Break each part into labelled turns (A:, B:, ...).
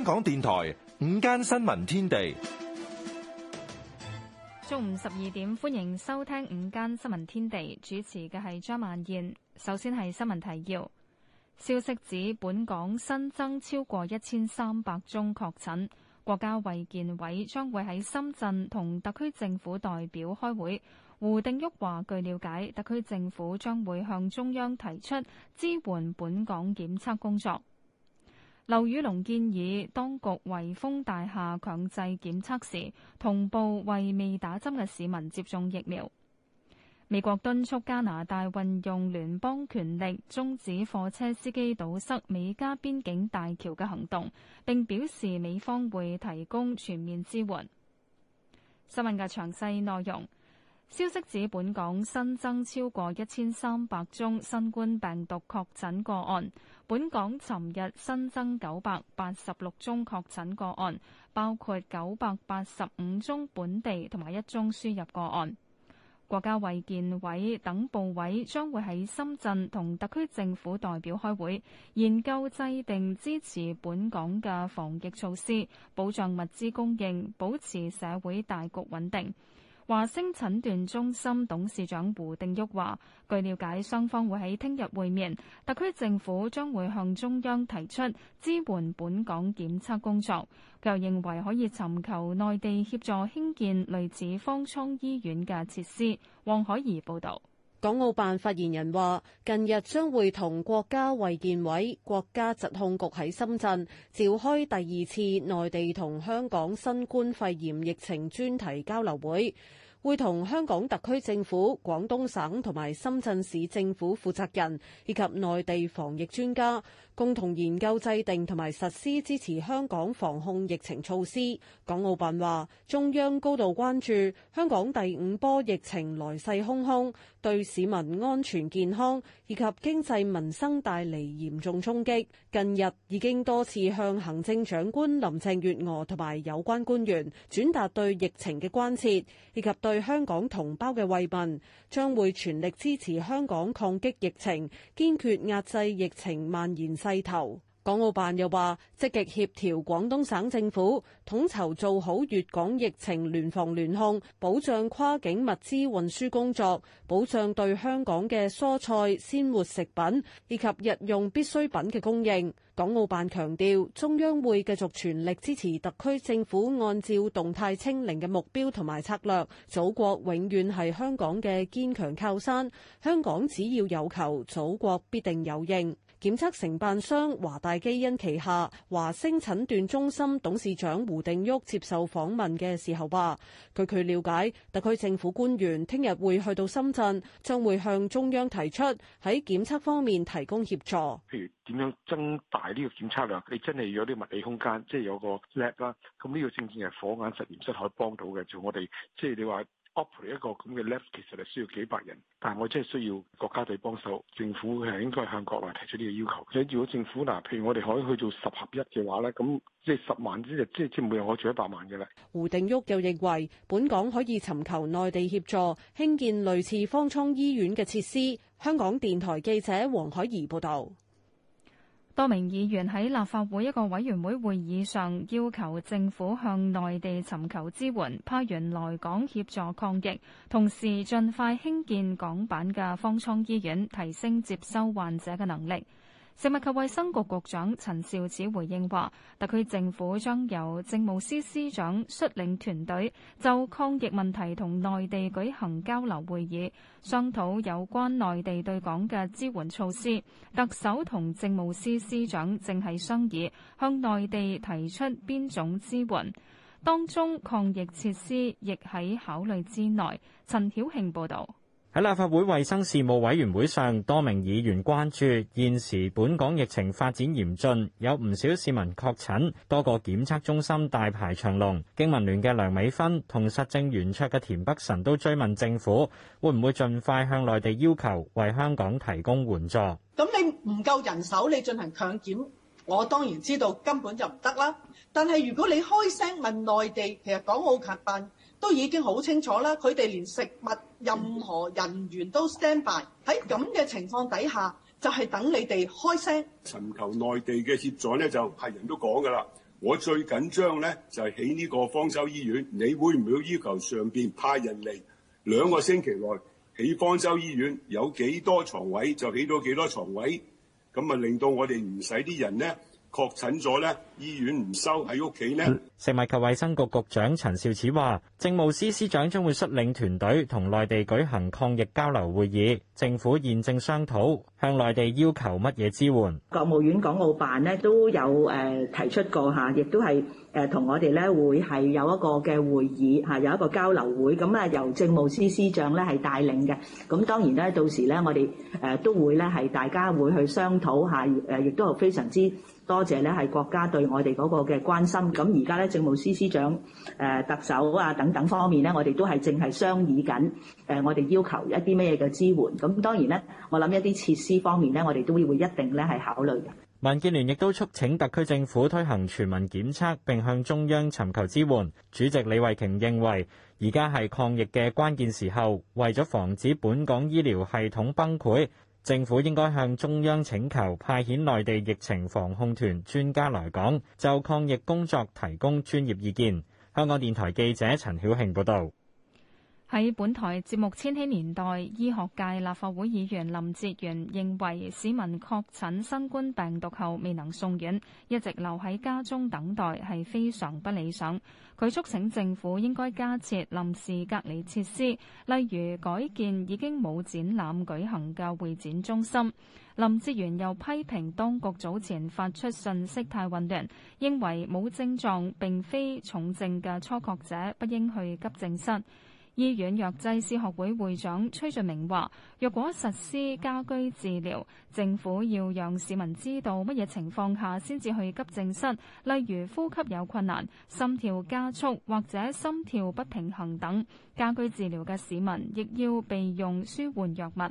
A: 香港電台午間新聞天地，
B: 中午十二點，歡迎收聽午間新聞天地，主持嘅係張曼燕。首先係新聞提要，消息指本港新增超過一千三百宗確診，國家衛健委將會喺深圳同特區政府代表開會。胡定旭話，據了解，特區政府將會向中央提出支援本港檢測工作。劉宇龍建議當局為豐大廈強制檢測時，同步為未打針嘅市民接種疫苗。美國敦促加拿大運用聯邦權力終止貨車司機堵塞美加邊境大橋嘅行動，並表示美方會提供全面支援。新聞嘅詳細內容。消息指本港新增超過一千三百宗新冠病毒確診個案。本港尋日新增九百八十六宗確診個案，包括九百八十五宗本地同埋一宗輸入個案。國家衛健委等部委將會喺深圳同特區政府代表開會，研究制定支持本港嘅防疫措施，保障物資供應，保持社會大局穩定。華星診斷中心董事長胡定旭話，據了解，雙方會喺聽日會面，特區政府將會向中央提出支援本港檢測工作。佢又認為可以尋求內地協助興建類似方艙醫院嘅設施。黃海怡報道。
C: 港澳辦發言人話：近日將會同國家衛健委、國家疾控局喺深圳召開第二次內地同香港新冠肺炎疫情專題交流會，會同香港特區政府、廣東省同埋深圳市政府負責人，以及內地防疫專家。共同研究制定同埋實施支持香港防控疫情措施。港澳辦話，中央高度關注香港第五波疫情來勢洶洶，對市民安全健康以及經濟民生帶嚟嚴重衝擊，近日已經多次向行政長官林鄭月娥同埋有關官員轉達對疫情嘅關切，以及對香港同胞嘅慰問，將會全力支持香港抗擊疫情，堅決壓制疫情蔓延。頭，港澳辦又話，積極協調廣東省政府統籌做好粵港疫情聯防聯控，保障跨境物資運輸工作，保障對香港嘅蔬菜鮮活食品以及日用必需品嘅供應。港澳辦強調，中央會繼續全力支持特區政府按照動態清零嘅目標同埋策略。祖國永遠係香港嘅堅強靠山，香港只要有求，祖國必定有應。檢測承辦商華大基因旗下華星診斷中心董事長胡定旭接受訪問嘅時候話，據佢了解，特區政府官員聽日會去到深圳，將會向中央提出喺檢測方面提供協助。譬
D: 如點樣增大呢個檢測量？你真係要有啲物理空間，即係有個 lab 啦，咁呢個正正係火眼實驗室可以幫到嘅。就我哋即係你話。operate 一個咁嘅 lab 其實係需要幾百人，但係我真係需要國家隊幫手，政府係應該向國內提出呢個要求。如果政府嗱，譬如我哋可以去做十合一嘅話咧，咁即係十萬一日即係即係每日可以做一百萬嘅啦。
C: 胡定旭又認為，本港可以尋求內地協助興建類似方艙醫院嘅設施。香港電台記者黃海怡報道。
B: 多名議員喺立法會一個委員會會議上要求政府向內地尋求支援，派員來港協助抗疫，同時盡快興建港版嘅方艙醫院，提升接收患者嘅能力。食物及衛生局局長陳肇始回應話，特區政府將由政務司司長率領團隊就抗疫問題同內地舉行交流會議，商討有關內地對港嘅支援措施。特首同政務司司長正係商議向內地提出邊種支援，當中抗疫設施亦喺考慮之內。陳曉慶報道。
A: 喺立法會衛生事務委員會上，多名議員關注現時本港疫情發展嚴峻，有唔少市民確診，多個檢測中心大排長龍。經民聯嘅梁美芬同實政圓桌嘅田北辰都追問政府會唔會盡快向內地要求為香港提供援助。
E: 咁你唔夠人手，你進行強檢，我當然知道根本就唔得啦。但係如果你開聲問內地，其實港澳簡辦。都已經好清楚啦，佢哋
C: 連食物、任何人員都 stand by。喺咁嘅情況底下，就係等你哋開聲
D: 尋求內地嘅協助咧，就係人都講噶啦。我最緊張咧就係起呢個方舟醫院，你會唔會要求上邊派人嚟兩個星期內起方舟醫院，有幾多床位就起到幾多床位，咁啊令到我哋唔使啲人咧。確診咗呢，醫院唔收，喺
A: 屋企呢。食物及衛生局局長陳肇始話，政務司司長將會率領團隊同內地舉行抗疫交流會議，政府現正商討向內地要求乜嘢支援。
F: 國務院港澳辦呢都有誒提出過吓，亦都係。誒同我哋咧會係有一個嘅會議嚇，有一個交流會，咁咧由政務司司長咧係帶領嘅。咁當然咧到時咧我哋誒都會咧係大家會去商討下，誒亦都係非常之多謝咧係國家對我哋嗰個嘅關心。咁而家咧政務司司長誒特首啊等等方面咧，我哋都係正係商議緊誒，我哋要求一啲咩嘅支援。咁當然咧，我諗一啲設施方面咧，我哋都會一定咧係考慮。
A: 民建聯亦都促請特區政府推行全民檢測，並向中央尋求支援。主席李慧瓊認為，而家係抗疫嘅關鍵時候，為咗防止本港醫療系統崩潰，政府應該向中央請求派遣內地疫情防控團專家來港，就抗疫工作提供專業意見。香港電台記者陳曉慶報導。
B: 喺本台節目《千禧年代》，醫學界立法會議員林哲玄認為，市民確診新冠病毒後未能送院，一直留喺家中等待係非常不理想。佢促請政府應該加設臨時隔離設施，例如改建已經冇展覽舉行嘅會展中心。林哲玄又批評當局早前發出信息太混亂，認為冇症狀並非重症嘅初確者，不應去急症室。醫院藥劑師學會會長崔俊明話，若果實施家居治療，政府要讓市民知道乜嘢情況下先至去急症室，例如呼吸有困難、心跳加速或者心跳不平衡等。家居治療嘅市民亦要備用舒緩藥物。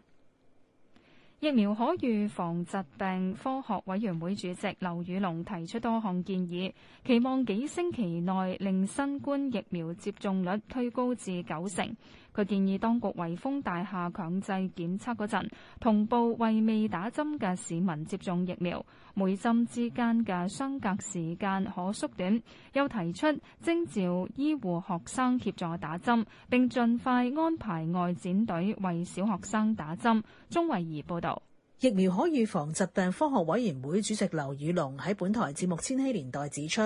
B: 疫苗可預防疾病科學委員會主席劉宇龍提出多項建議，期望幾星期內令新冠疫苗接種率推高至九成。佢建議當局圍封大廈強制檢測嗰陣，同步為未打針嘅市民接種疫苗，每針之間嘅相隔時間可縮短。又提出徵召醫護學生協助打針，並盡快安排外展隊為小學生打針。鍾慧儀報導，疫苗可預
F: 防疾病科學委員會主席劉宇龍喺本台節目《千禧年代》指出，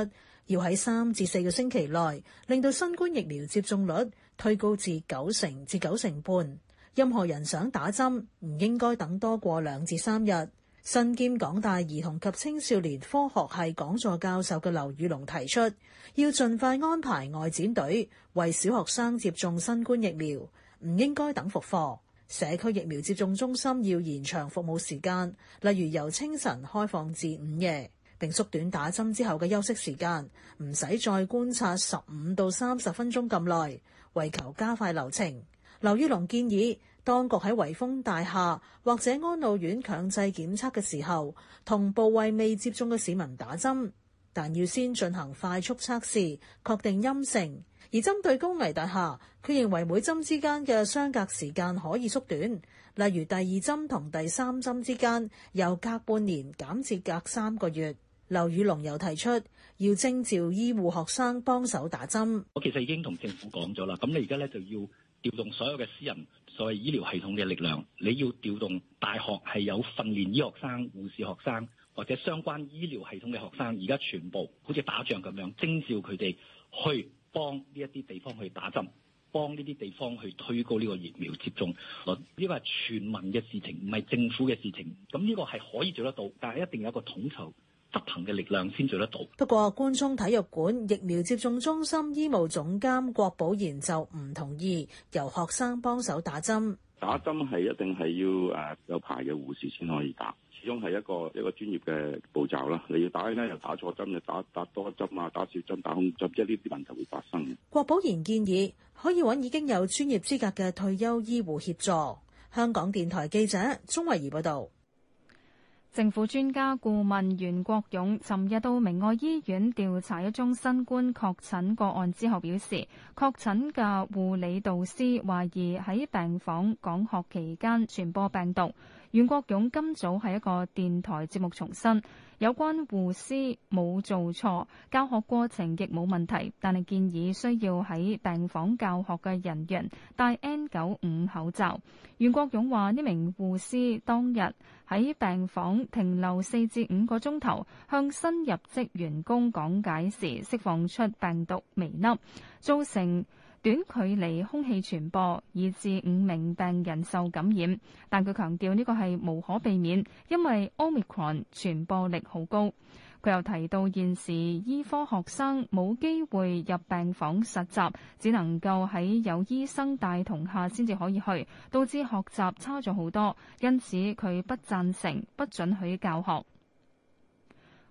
F: 要喺三至四個星期內令到新冠疫苗接種率推高至九成至九成半。任何人想打針，唔應該等多過兩至三日。身兼港大兒童及青少年科學系講座教授嘅劉宇隆提出，要盡快安排外展隊為小學生接種新冠疫苗，唔應該等復課。社區疫苗接種中心要延長服務時間，例如由清晨開放至午夜，並縮短打針之後嘅休息時間，唔使再觀察十五到三十分鐘咁耐。為求加快流程，劉宇隆建議當局喺維峰大廈或者安老院強制檢測嘅時候，同步為未接種嘅市民打針，但要先進行快速測試，確定陰性。而針對高危大廈，佢認為每針之間嘅相隔時間可以縮短，例如第二針同第三針之間由隔半年減至隔三個月。劉宇龍又提出要徵召醫護學生幫手打針。
A: 我其實已經同政府講咗啦，咁你而家咧就要調動所有嘅私人所謂醫療系統嘅力量，你要調動大學係有訓練醫學生、護士學生或者相關醫療系統嘅學生，而家全部好似打仗咁樣徵召佢哋去幫呢一啲地方去打針，幫呢啲地方去推高呢個疫苗接種。呢個係全民嘅事情，唔係政府嘅事情。咁呢個係可以做得到，但係一定有一個統籌。執行嘅力量先做得到。
F: 不過，官涌體育館疫苗接種中心醫務總監郭寶賢就唔同意由學生幫手打針。
D: 打針係一定係要誒有牌嘅護士先可以打，始終係一個一個專業嘅步驟啦。你要打咧，又打，打錯針，又打打多針啊，打少針打空針，唔知呢啲問題會發生。
F: 郭寶賢建議可以揾已經有專業資格嘅退休醫護協助。香港電台記者鍾慧儀報道。
B: 政府專家顧問袁國勇尋日到明愛醫院調查一宗新冠確診個案之後表示，確診嘅護理導師懷疑喺病房講學期間傳播病毒。袁國勇今早喺一個電台節目重申，有關護師冇做錯，教學過程亦冇問題，但係建議需要喺病房教學嘅人員戴 N 九五口罩。袁國勇話呢名護師當日喺病房停留四至五個鐘頭，向新入職員工講解時釋放出病毒微粒，造成。短距離空氣傳播，以至五名病人受感染。但佢強調呢個係無可避免，因為 Omicron 傳播力好高。佢又提到現時醫科學生冇機會入病房實習，只能夠喺有醫生帶同下先至可以去，導致學習差咗好多。因此佢不贊成，不准許教學。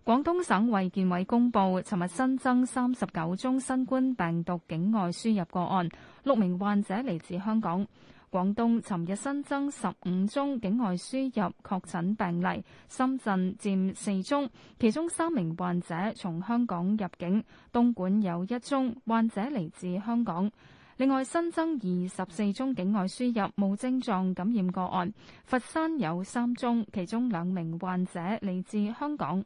B: 廣東省衛健委公布，尋日新增三十九宗新冠病毒境外輸入個案，六名患者嚟自香港。廣東尋日新增十五宗境外輸入確診病例，深圳佔四宗，其中三名患者從香港入境，東莞有一宗患者嚟自香港。另外新增二十四宗境外輸入無症狀感染個案，佛山有三宗，其中兩名患者嚟自香港。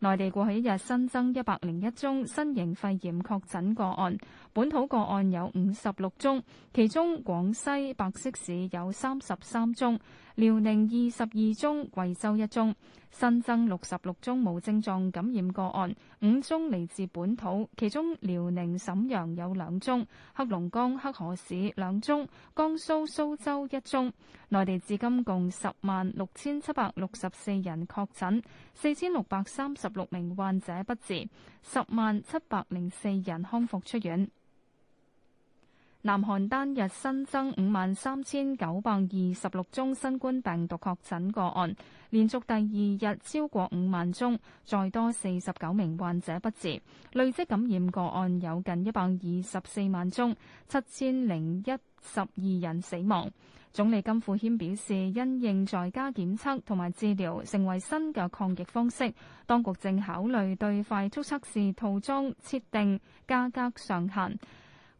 B: 內地過去一日新增一百零一宗新型肺炎確診個案，本土個案有五十六宗，其中廣西百色市有三十三宗。遼寧二十二宗，貴州一宗，新增六十六宗無症狀感染個案，五宗嚟自本土，其中遼寧瀋陽有兩宗，黑龍江黑河市兩宗，江蘇蘇州一宗。內地至今共十萬六千七百六十四人確診，四千六百三十六名患者不治，十萬七百零四人康復出院。南韓單日新增五萬三千九百二十六宗新冠病毒確診個案，連續第二日超過五萬宗，再多四十九名患者不治，累積感染個案有近一百二十四萬宗，七千零一十二人死亡。總理金富謙表示，因應在家檢測同埋治療成為新嘅抗疫方式，當局正考慮對快速測試套裝設定價格上限。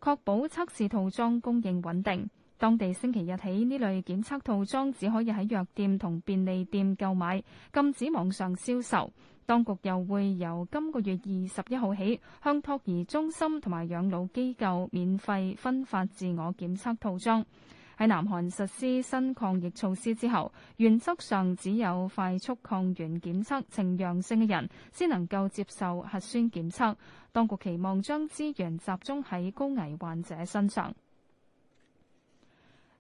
B: 確保測試套裝供應穩定，當地星期日起，呢類檢測套裝只可以喺藥店同便利店購買，禁止網上銷售。當局又會由今個月二十一號起，向托兒中心同埋養老機構免費分發自我檢測套裝。喺南韓實施新抗疫措施之後，原則上只有快速抗原檢測呈陽性嘅人，先能夠接受核酸檢測。當局期望將資源集中喺高危患者身上。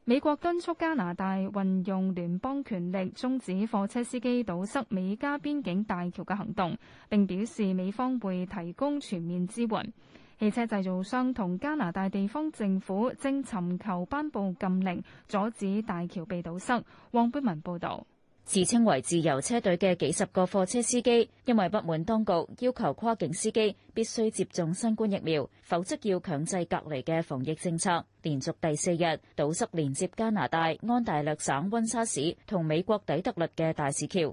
B: 美國敦促加拿大運用聯邦權力，終止貨車司機堵塞美加邊境大橋嘅行動，並表示美方會提供全面支援。汽車製造商同加拿大地方政府正尋求頒布禁令，阻止大橋被堵塞。汪本文，文報導，
G: 自稱為自由車隊嘅幾十個貨車司機，因為不滿當局要求跨境司機必須接種新冠疫苗，否則要強制隔離嘅防疫政策，連續第四日堵塞連接加拿大安大略省溫莎市同美國底特律嘅大使橋。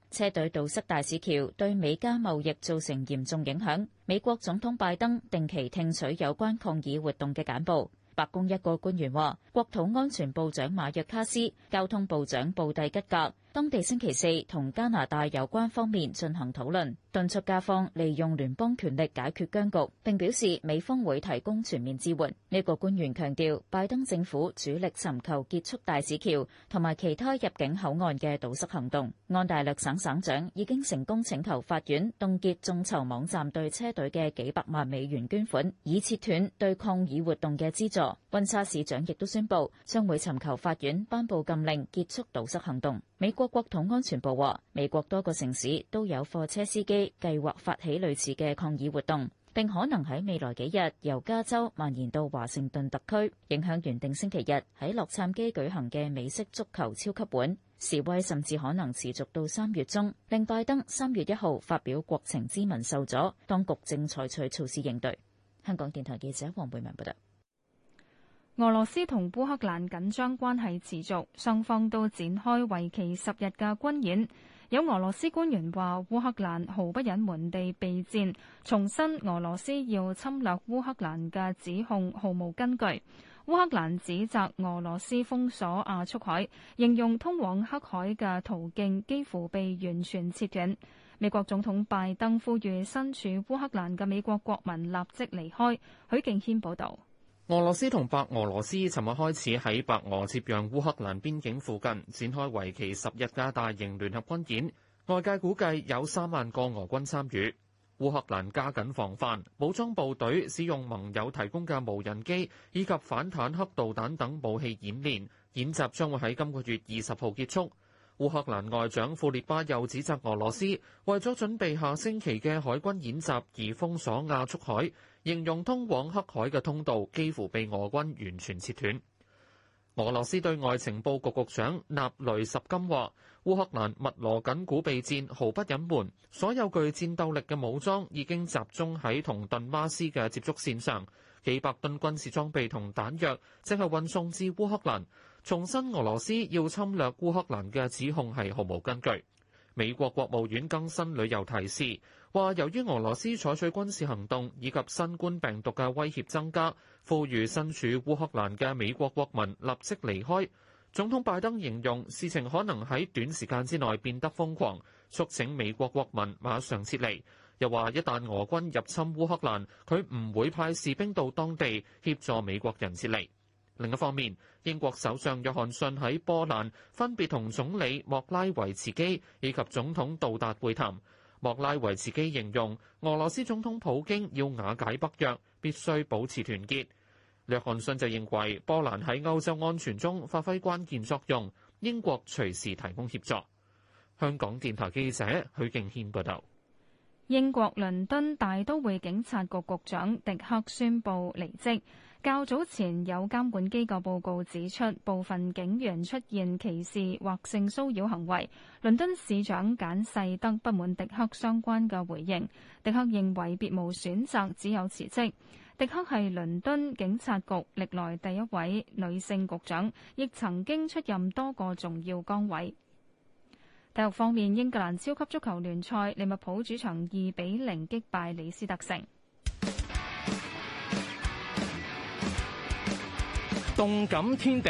G: 車隊堵塞大使橋，對美加貿易造成嚴重影響。美國總統拜登定期聽取有關抗議活動嘅簡報。白宮一個官員話，國土安全部長馬約卡斯、交通部長布蒂吉格，當地星期四同加拿大有關方面進行討論，敦促加方利用聯邦權力解決僵局，並表示美方會提供全面支援。呢個官員強調，拜登政府主力尋求結束大使橋同埋其他入境口岸嘅堵塞行動。安大略省省長已經成功請求法院凍結眾籌網站對車隊嘅幾百萬美元捐款，以切斷對抗議活動嘅資助。溫莎市長亦都宣布將會尋求法院頒布禁令，結束堵塞行動。美國國土安全部話，美國多個城市都有貨車司機計劃發起類似嘅抗議活動，並可能喺未來幾日由加州蔓延到華盛頓特區，影響原定星期日喺洛杉磯舉行嘅美式足球超級碗。示威甚至可能持續到三月中，令拜登三月一號發表國情咨文受阻。當局正採取措施應對。香港電台記者黃貝文報道。
B: 俄羅斯同烏克蘭緊張關係持續，雙方都展開為期十日嘅軍演。有俄羅斯官員話，烏克蘭毫不隱瞞地備戰，重申俄羅斯要侵略烏克蘭嘅指控毫無根據。烏克蘭指責俄羅斯封鎖亞速海，形容通往黑海嘅途徑幾乎被完全切斷。美國總統拜登呼籲身處烏克蘭嘅美國國民立即離開。許敬軒報道。
H: 俄羅斯同白俄羅斯尋日開始喺白俄接壤烏克蘭邊境附近展開為期十日嘅大型聯合軍演，外界估計有三萬個俄軍參與。烏克蘭加緊防範，武裝部隊使用盟友提供嘅無人機以及反坦克導彈等武器演練，演習將會喺今個月二十號結束。烏克蘭外長庫列巴又指責俄羅斯為咗準備下星期嘅海軍演習而封鎖亞速海。形容通往黑海嘅通道幾乎被俄軍完全切斷。俄羅斯對外情報局局長納雷什金話烏克蘭密鑼緊鼓備戰毫不隱瞞，所有具戰鬥力嘅武裝已經集中喺同頓巴斯嘅接觸線上，幾百噸軍事裝備同彈藥正係運送至烏克蘭，重申俄羅斯要侵略烏克蘭嘅指控係毫無根據。美國國務院更新旅遊提示。話由於俄羅斯採取軍事行動以及新冠病毒嘅威脅增加，呼籲身處烏克蘭嘅美國國民立即離開。總統拜登形容事情可能喺短時間之內變得瘋狂，促請美國國民馬上撤離。又話一旦俄軍入侵烏克蘭，佢唔會派士兵到當地協助美國人撤離。另一方面，英國首相約翰遜喺波蘭分別同總理莫拉維茨基以及總統杜達會談。莫拉維茨基形容俄羅斯總統普京要瓦解北約，必須保持團結。約翰遜就認為波蘭喺歐洲安全中發揮關鍵作用，英國隨時提供協助。香港電台記者許敬軒報導。
B: 英國倫敦大都會警察局局長迪克宣布離職。較早前有監管機構報告指出，部分警員出現歧視或性騷擾行為。倫敦市長簡世德不滿迪克相關嘅回應，迪克認為別無選擇，只有辭職。迪克係倫敦警察局歷來第一位女性局長，亦曾經出任多個重要崗位。體育方面，英格蘭超級足球聯賽利物浦主場二比零擊敗李斯特城。
H: 動感天地，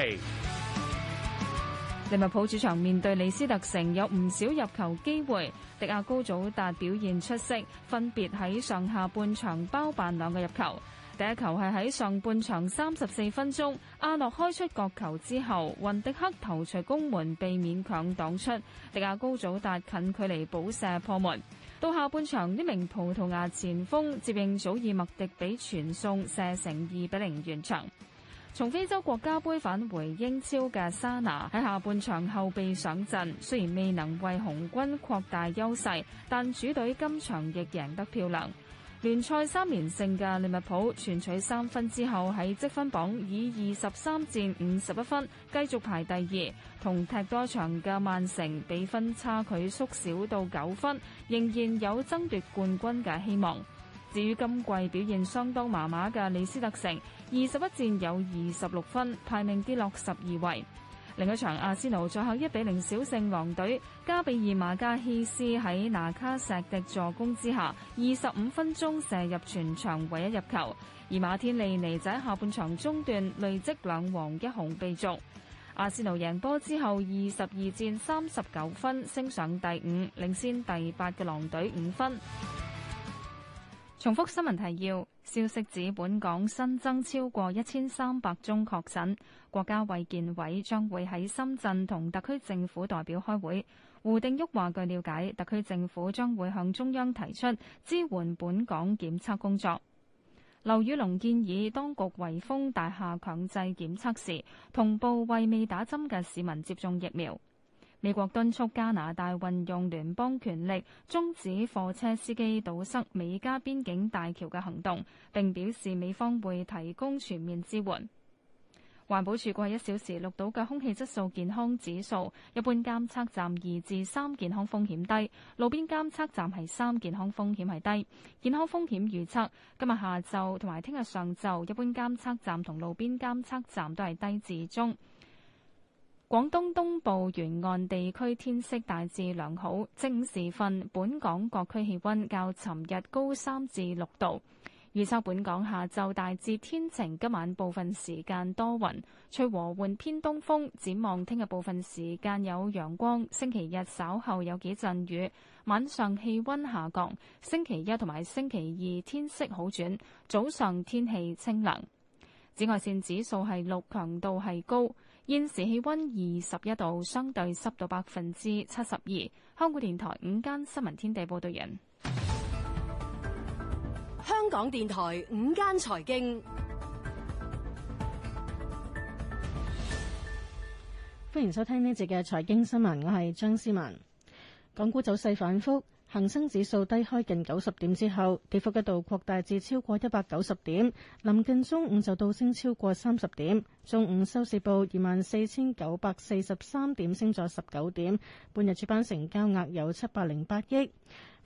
B: 利物浦主場面對李斯特城，有唔少入球機會。迪亞高祖達表現出色，分別喺上下半場包辦兩個入球。第一球係喺上半場三十四分鐘，阿諾開出角球之後，雲迪克頭槌攻門被勉強擋出，迪亞高祖達近距離補射破門。到下半場，呢名葡萄牙前鋒接應祖爾麥迪比傳送射成二比零完場。從非洲國家杯返回英超嘅沙拿喺下半場後備上陣，雖然未能為紅軍擴大優勢，但主隊今場亦贏得漂亮。聯賽三連勝嘅利物浦全取三分之後喺積分榜以二十三戰五十一分繼續排第二，同踢多場嘅曼城比分差距縮小到九分，仍然有爭奪冠軍嘅希望。至於今季表現相當麻麻嘅李斯特城，二十一戰有二十六分，排名跌落十二位。另一場阿仙奴再客一比零小勝狼隊，加比爾馬加希斯喺拿卡石迪助攻之下，二十五分鐘射入全場唯一入球。而馬天利尼仔下半場中段累積兩黃一紅被逐。阿仙奴贏波之後，二十二戰三十九分，升上第五，領先第八嘅狼隊五分。重複新聞提要：消息指本港新增超過一千三百宗確診。國家衛健委將會喺深圳同特區政府代表開會。胡定旭話：據了解，特區政府將會向中央提出支援本港檢測工作。劉宇龍建議當局圍封大廈強制檢測時，同步為未打針嘅市民接種疫苗。美國敦促加拿大運用聯邦權力終止貨車司機堵塞美加邊境大橋嘅行動，並表示美方會提供全面支援。環保署過一小時錄到嘅空氣質素健康指數，一般監測站二至三，健康風險低；路邊監測站係三，健康風險係低。健康風險預測，今日下晝同埋聽日上晝，一般監測站同路邊監測站都係低至中。廣東東部沿岸地區天色大致良好，正午時分，本港各區氣溫較尋日高三至六度。預測本港下晝大致天晴，今晚部分時間多雲，吹和緩偏東風。展望聽日部分時間有陽光，星期日稍後有幾陣雨，晚上氣溫下降。星期一同埋星期二天色好轉，早上天氣清涼。紫外線指數係六，強度係高。現時氣溫二十一度，相對濕度百分之七十二。香港電台午間新聞天地報道人，香港電台午間財經，
E: 歡迎收聽呢節嘅財經新聞，我係張思文。港股走勢反復。恒生指數低開近九十點之後，跌幅一度擴大至超過一百九十點。臨近中午就倒升超過三十點。中午收市報二萬四千九百四十三點，升咗十九點。半日主板成交額有七百零八億。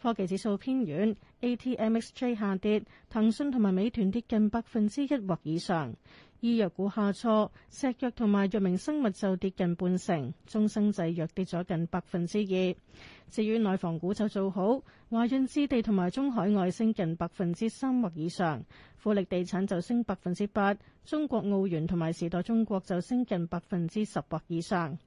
E: 科技指數偏軟，ATMXJ 下跌，騰訊同埋美團跌近百分之一或以上。醫藥股下挫，石藥同埋藥明生物就跌近半成，中生製藥跌咗近百分之二。至於內房股就做好，華潤置地同埋中海外升近百分之三或以上，富力地產就升百分之八，中國奧園同埋時代中國就升近百分之十或以上。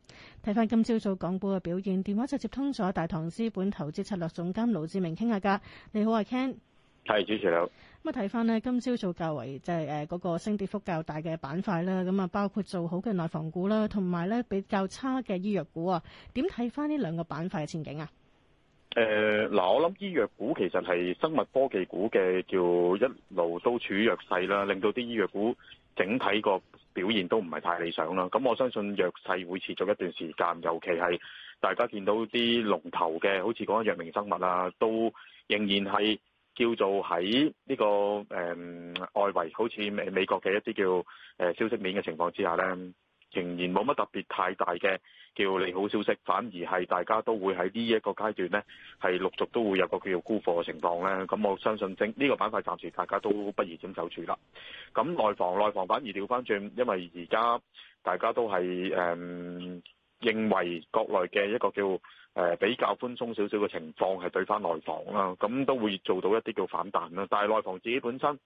E: 睇翻今朝早港股嘅表現，電話就接通咗大唐資本投資策略總監盧志明傾下噶。你好啊，Ken。
D: 係主持人
E: 睇翻咧，今朝早較為即係誒，嗰、就是、個升跌幅較大嘅板塊啦。咁啊，包括做好嘅內房股啦，同埋咧比較差嘅醫藥股啊。點睇翻呢兩個板塊嘅前景啊？
D: 誒，嗱，我諗醫藥股其實係生物科技股嘅叫一路都處弱勢啦，令到啲醫藥股整體個表現都唔係太理想啦。咁我相信弱勢會持續一段時間，尤其係大家見到啲龍頭嘅，好似講藥明生物啊，都仍然係。叫做喺呢、這個誒、嗯、外圍，好似美美國嘅一啲叫誒消息面嘅情況之下呢，仍然冇乜特別太大嘅叫利好消息，反而係大家都會喺呢一個階段呢係陸續都會有個叫做沽貨嘅情況呢，咁我相信整呢個板塊暫時大家都不宜點手住啦。咁內房內房反而調返轉，因為而家大家都係誒、嗯、認為國內嘅一個叫。誒比較寬鬆少少嘅情況係對翻內房啦，咁都會做到一啲叫反彈啦，但係內房自己本身。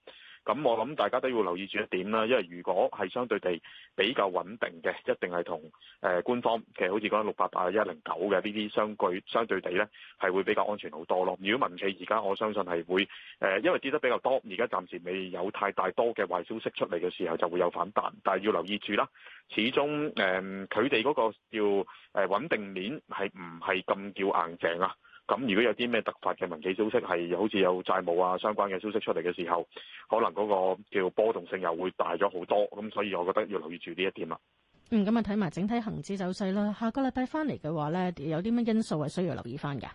D: 咁我諗大家都要留意住一點啦，因為如果係相對地比較穩定嘅，一定係同、呃、官方其實好似講六八八一零九嘅呢啲相距相對地呢，係會比較安全好多咯。如果民企而家我相信係會誒、呃，因為跌得比較多，而家暫時未有太大多嘅壞消息出嚟嘅時候就會有反彈，但係要留意住啦，始終誒佢哋嗰個叫誒、呃、穩定面係唔係咁叫硬淨啊？咁如果有啲咩突發嘅民企消息係好似有債務啊相關嘅消息出嚟嘅時候，可能嗰個叫波動性又會大咗好多，咁所以我覺得要留意住呢一點啦。
E: 嗯，咁啊睇埋整體恆指走勢啦，下個禮拜翻嚟嘅話咧，有啲咩因素係需要留意翻㗎？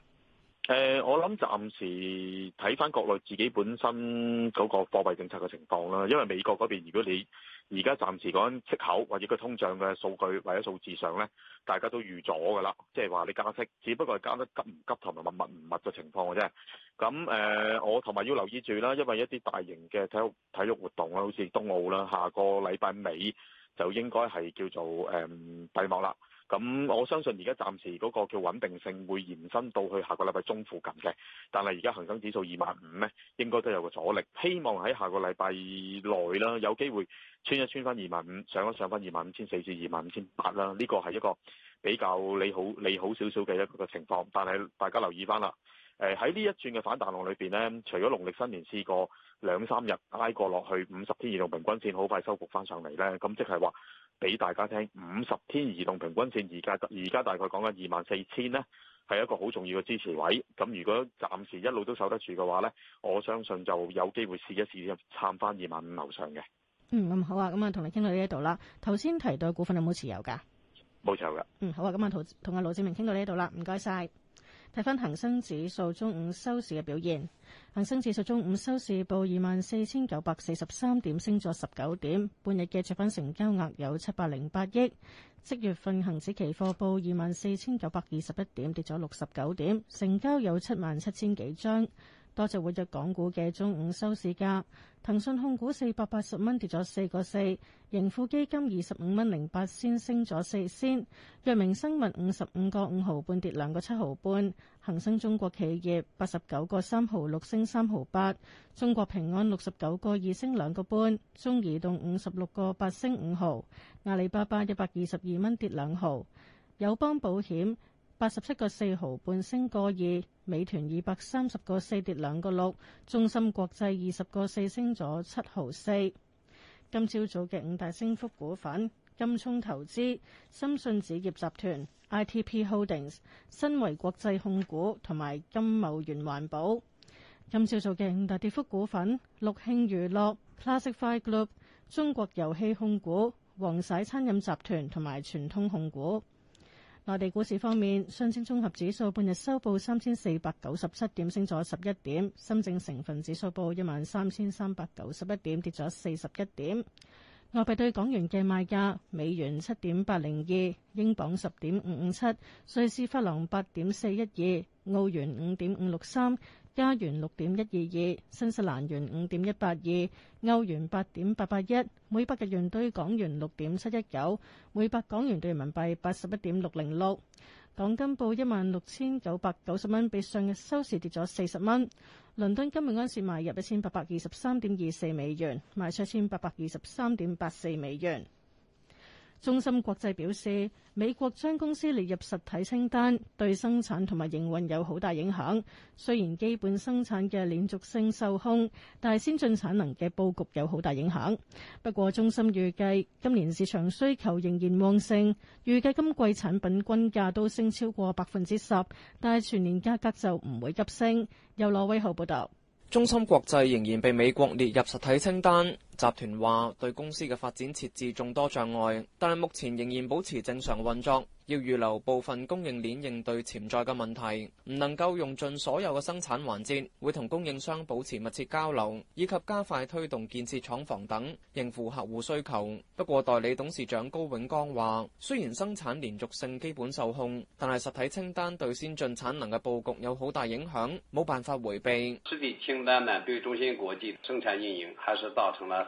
D: 誒、呃，我諗暫時睇翻國內自己本身嗰個貨幣政策嘅情況啦，因為美國嗰邊如果你而家暫時講息口或者佢通脹嘅數據或者數字上呢，大家都預咗㗎啦，即係話你加息，只不過係加得急唔急同埋密唔密嘅情況嘅啫。咁誒、呃，我同埋要留意住啦，因為一啲大型嘅體育體育活動啦，好似東奧啦，下個禮拜尾就應該係叫做誒閉幕啦。咁我相信而家暫時嗰個叫穩定性會延伸到去下個禮拜中附近嘅，但係而家恒生指數二萬五呢，應該都有個阻力。希望喺下個禮拜內啦，有機會穿一穿翻二萬五，上一上翻二萬五千四至二萬五千八啦。呢個係一個比較利好利好少少嘅一個情況，但係大家留意翻啦。誒，喺呢、呃、一轉嘅反彈浪裏邊呢，除咗農曆新年試過兩三日挨過落去五十天移動平均線，好快收復翻上嚟呢。咁即係話俾大家聽，五十天移動平均線而家而家大概講緊二萬四千呢，係一個好重要嘅支持位。咁如果暫時一路都守得住嘅話呢，我相信就有機會試一試撐翻二萬五樓上嘅。
E: 嗯，好啊，咁啊同你傾到呢一度啦。頭先提到的股份有冇持有㗎？
D: 冇持有㗎。嗯，
E: 好啊，咁啊同同阿盧志明傾到呢一度啦，唔該晒。睇翻恒生指數中午收市嘅表現，恒生指數中午收市報二萬四千九百四十三點，升咗十九點。半日嘅總成交額有七百零八億。即月份恒指期貨報二萬四千九百二十一點，跌咗六十九點，成交有七萬七千幾張。多隻活躍港股嘅中午收市價，騰訊控股四百八十蚊跌咗四個四，盈富基金二十五蚊零八仙升咗四仙，藥明生物五十五個五毫半跌兩個七毫半，恒生中國企業八十九個三毫六升三毫八，中國平安六十九個二升兩個半，中移動五十六個八升五毫，阿里巴巴一百二十二蚊跌兩毫，友邦保險，八十七個四毫半升個二，美團二百三十個四跌兩個六，中芯國際二十個四升咗七毫四。今朝早嘅五大升幅股份：金聰投資、深信紙業集團 ITP Holdings、IT Hold ings, 身為國際控股同埋金茂源環保。今朝早嘅五大跌幅股份：六興娛樂 Classic Five Group、中國遊戲控股、皇璽餐飲集團同埋傳統控股。內地股市方面，上證綜合指數半日收報三千四百九十七點，升咗十一點；深證成分指數報一萬三千三百九十一點，跌咗四十一點。外幣對港元嘅賣價：美元七點八零二，英鎊十點五五七，瑞士法郎八點四一二，澳元五點五六三。加元六點一二二，2，新西蘭元五點一八二，歐元八點八八一，每百日元兌港元六點七一九，每百港元兌人民幣八十一點六零六。港金報一萬六千九百九十蚊，比上日收市跌咗四十蚊。倫敦金每盎司買入一千八百二十三點二四美元，賣出一千八百二十三點八四美元。中芯國際表示，美國將公司列入實體清單，對生產同埋營運有好大影響。雖然基本生產嘅連續性受控，但係先進產能嘅佈局有好大影響。不過，中芯預計今年市場需求仍然旺盛，預計今季產品均價都升超過百分之十，但係全年價格就唔會急升。又羅威浩報道，
I: 中芯國際仍然被美國列入實體清單。集團話對公司嘅發展設置眾多障礙，但係目前仍然保持正常運作，要預留部分供應鏈應對潛在嘅問題，唔能夠用盡所有嘅生產環節，會同供應商保持密切交流，以及加快推動建設廠房等，應付客戶需求。不過代理董事長高永光話，雖然生產連續性基本受控，但係實體清單對先進產能嘅布局有好大影響，冇辦法回避。
A: 實體清單呢對中芯國際生產運營還是造成了。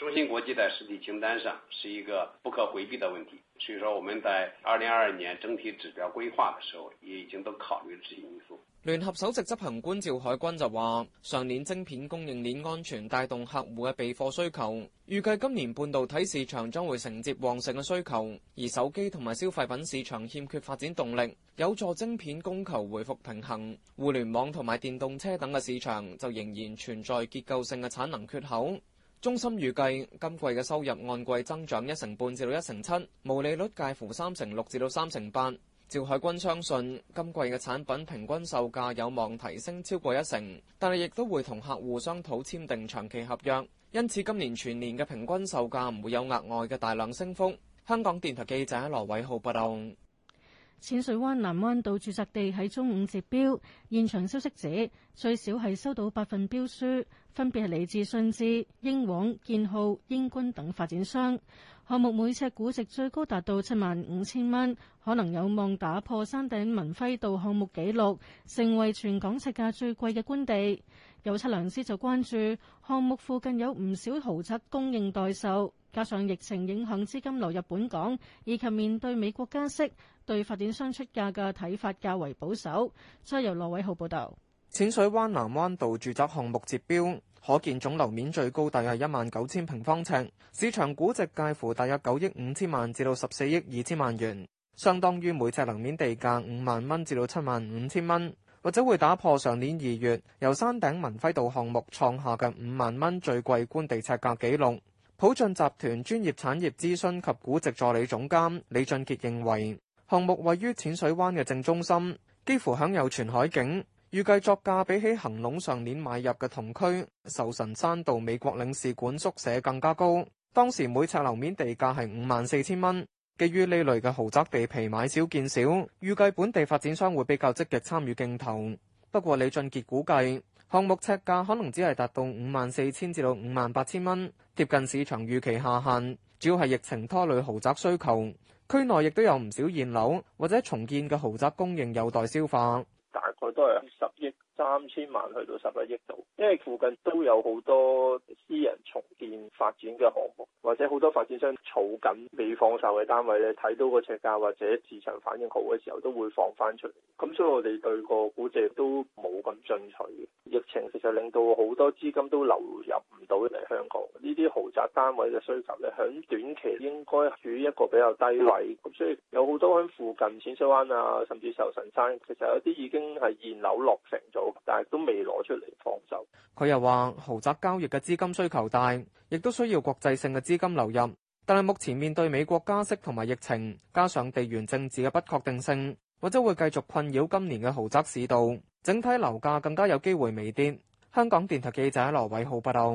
D: 中芯國際在實體清單上是一個不可回避的問題，所以說我們在二零二二年整體指標規劃的時候，也已經都考慮這些因素。
I: 聯合首席執行官趙海軍就話，上年晶片供應鏈安全帶動客戶嘅備貨需求，預計今年半導體市場將會承接旺盛嘅需求，而手機同埋消費品市場欠缺發展動力，有助晶片供求回復平衡。互聯網同埋電動車等嘅市場就仍然存在結構性嘅產能缺口。中心預計今季嘅收入按季增長一成半至到一成七，1, 7, 毛利率介乎三成六至到三成八。趙海軍相信今季嘅產品平均售價有望提升超過一成，但係亦都會同客戶商討簽訂長期合約，因此今年全年嘅平均售價唔會有額外嘅大量升幅。香港電台記者羅偉浩報道。
E: 淺水灣南灣道住宅地喺中午截標，現場消息指最少係收到八份標書，分別係嚟自信置、英皇、建浩、英君等發展商。項目每尺估值最高達到七萬五千蚊，可能有望打破山頂文輝道項目紀錄，成為全港尺價最貴嘅官地。有測量師就關注項目附近有唔少豪宅供應待售，加上疫情影響資金流入本港，以及面對美國加息，對發展商出價嘅睇法較為保守。再由羅偉浩報導：
I: 淺水灣南灣道住宅項目截標，可建總樓面最高大約一萬九千平方尺，市場估值介乎大約九億五千萬至到十四億二千萬元，相當於每呎樓面地價五萬蚊至到七萬五千蚊。或者會打破上年二月由山頂文輝道項目創下嘅五萬蚊最貴官地尺價紀錄。普進集團專業產業諮詢及估值助理總監李俊傑認為，項目位於淺水灣嘅正中心，幾乎享有全海景，預計作價比起恒隆上年買入嘅同區壽臣山道美國領事館宿舍更加高，當時每尺樓面地價係五萬四千蚊。基於呢類嘅豪宅地皮買少見少，預計本地發展商會比較積極參與競投。不過李俊傑估計，項目尺價可能只係達到五萬四千至到五萬八千蚊，貼近市場預期下限。主要係疫情拖累豪宅需求，區內亦都有唔少現樓或者重建嘅豪宅供應有待消化。大概都係。三千萬去
D: 到十一億度，因為附近都有好多私人重建發展嘅項目，或者好多發展商儲緊未放售嘅單位咧，睇到個尺價或者市場反應好嘅時候，都會放翻出嚟。咁所以我哋對個估值都冇咁進取嘅。疫情其實令到好多資金都流入唔到嚟香港，呢啲豪宅單位嘅需求咧，響短期應該處於一個比較低位。咁所以有好多喺附近淺水灣啊，甚至壽臣山，其實有啲已經係現樓落成咗。但係都未攞
I: 出嚟放手。佢又話豪宅交易嘅資金需求大，亦都需要國際性嘅資金流入。但係目前面對美國加息同埋疫情，加上地緣政治嘅不確定性，或者會繼續困擾今年嘅豪宅市道，整體樓價更加有機會微跌。香港電台記者羅偉浩報道。